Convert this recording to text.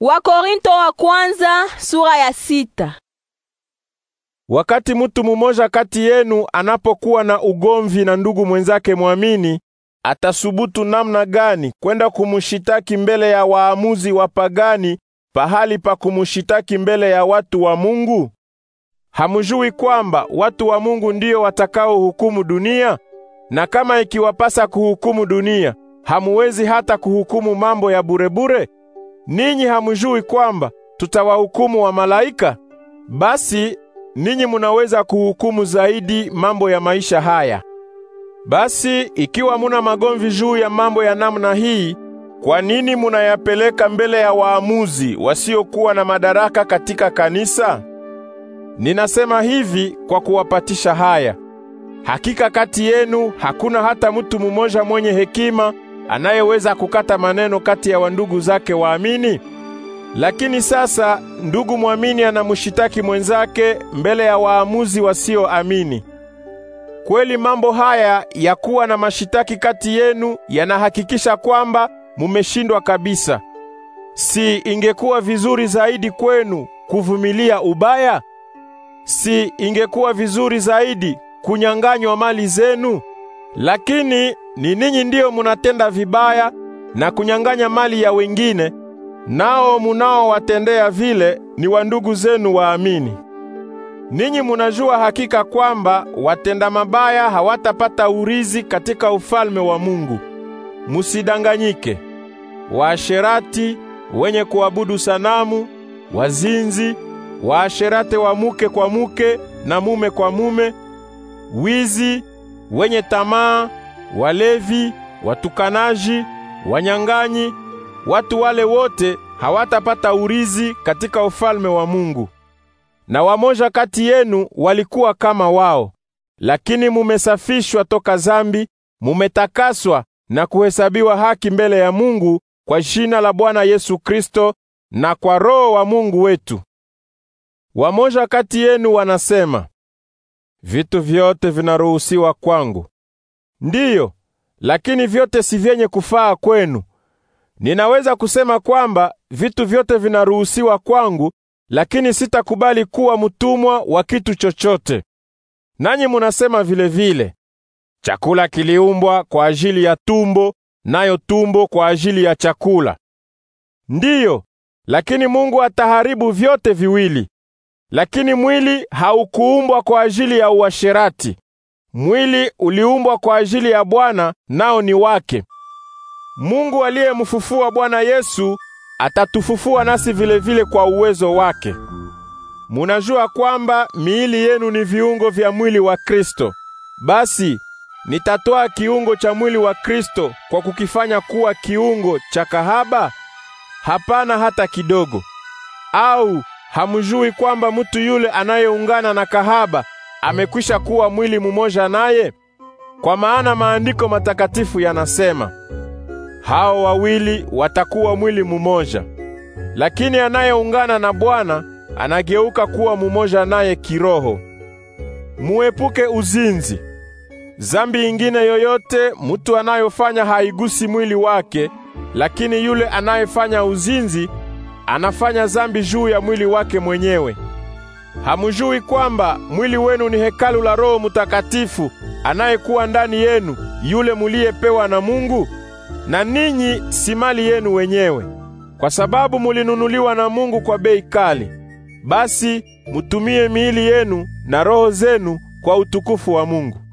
Wakorinto wa kwanza, sura ya sita. Wakati mutu mumoja kati yenu anapokuwa na ugomvi na ndugu mwenzake mwamini, atasubutu namna gani kwenda kumushitaki mbele ya waamuzi wapagani pahali pa kumushitaki mbele ya watu wa Mungu? Hamujui kwamba watu wa Mungu ndio watakaohukumu dunia? Na kama ikiwapasa kuhukumu dunia, hamuwezi hata kuhukumu mambo ya burebure bure? ninyi hamjui kwamba tutawahukumu wa malaika? Basi ninyi munaweza kuhukumu zaidi mambo ya maisha haya. Basi ikiwa muna magomvi juu ya mambo ya namna hii, kwa nini munayapeleka mbele ya waamuzi wasiokuwa na madaraka katika kanisa? Ninasema hivi kwa kuwapatisha haya. Hakika kati yenu hakuna hata mtu mmoja mwenye hekima anayeweza kukata maneno kati ya wandugu zake waamini? Lakini sasa ndugu mwamini anamshitaki mwenzake mbele ya waamuzi wasioamini. Kweli mambo haya ya kuwa na mashitaki kati yenu yanahakikisha kwamba mumeshindwa kabisa. Si ingekuwa vizuri zaidi kwenu kuvumilia ubaya? Si ingekuwa vizuri zaidi kunyang'anywa mali zenu? Lakini ni ninyi ndio munatenda vibaya na kunyang'anya mali ya wengine, nao munaowatendea vile ni wandugu zenu waamini. Ninyi munajua hakika kwamba watenda mabaya hawatapata urizi katika ufalme wa Mungu. Musidanganyike. Waasherati, wenye kuabudu sanamu, wazinzi, waasherate wa muke kwa muke na mume kwa mume, wizi, wenye tamaa, walevi, watukanaji, wanyang'anyi, watu wale wote hawatapata urizi katika ufalme wa Mungu. Na wamoja kati yenu walikuwa kama wao, lakini mumesafishwa toka zambi, mumetakaswa na kuhesabiwa haki mbele ya Mungu kwa jina la Bwana Yesu Kristo na kwa Roho wa Mungu wetu. Wamoja kati yenu wanasema, vitu vyote vinaruhusiwa kwangu, Ndiyo, lakini vyote si vyenye kufaa kwenu. Ninaweza kusema kwamba vitu vyote vinaruhusiwa kwangu, lakini sitakubali kuwa mtumwa wa kitu chochote. Nanyi munasema vile vile, chakula kiliumbwa kwa ajili ya tumbo, nayo tumbo kwa ajili ya chakula. Ndiyo, lakini Mungu ataharibu vyote viwili. Lakini mwili haukuumbwa kwa ajili ya uasherati, Mwili uliumbwa kwa ajili ya Bwana nao ni wake. Mungu aliyemfufua Bwana Yesu atatufufua nasi vilevile vile kwa uwezo wake. Munajua kwamba miili yenu ni viungo vya mwili wa Kristo. Basi nitatoa kiungo cha mwili wa Kristo kwa kukifanya kuwa kiungo cha kahaba? Hapana hata kidogo. Au hamjui kwamba mtu yule anayeungana na kahaba amekwisha kuwa mwili mumoja naye? Kwa maana maandiko matakatifu yanasema, hao wawili watakuwa mwili mumoja. Lakini anayeungana na Bwana anageuka kuwa mumoja naye kiroho. Muepuke uzinzi. Zambi ingine yoyote mutu anayofanya haigusi mwili wake, lakini yule anayefanya uzinzi anafanya zambi juu ya mwili wake mwenyewe. Hamujui kwamba mwili wenu ni hekalu la Roho Mutakatifu anayekuwa ndani yenu, yule muliyepewa na Mungu? Na ninyi si mali yenu wenyewe, kwa sababu mulinunuliwa na Mungu kwa bei kali. Basi mutumie miili yenu na roho zenu kwa utukufu wa Mungu.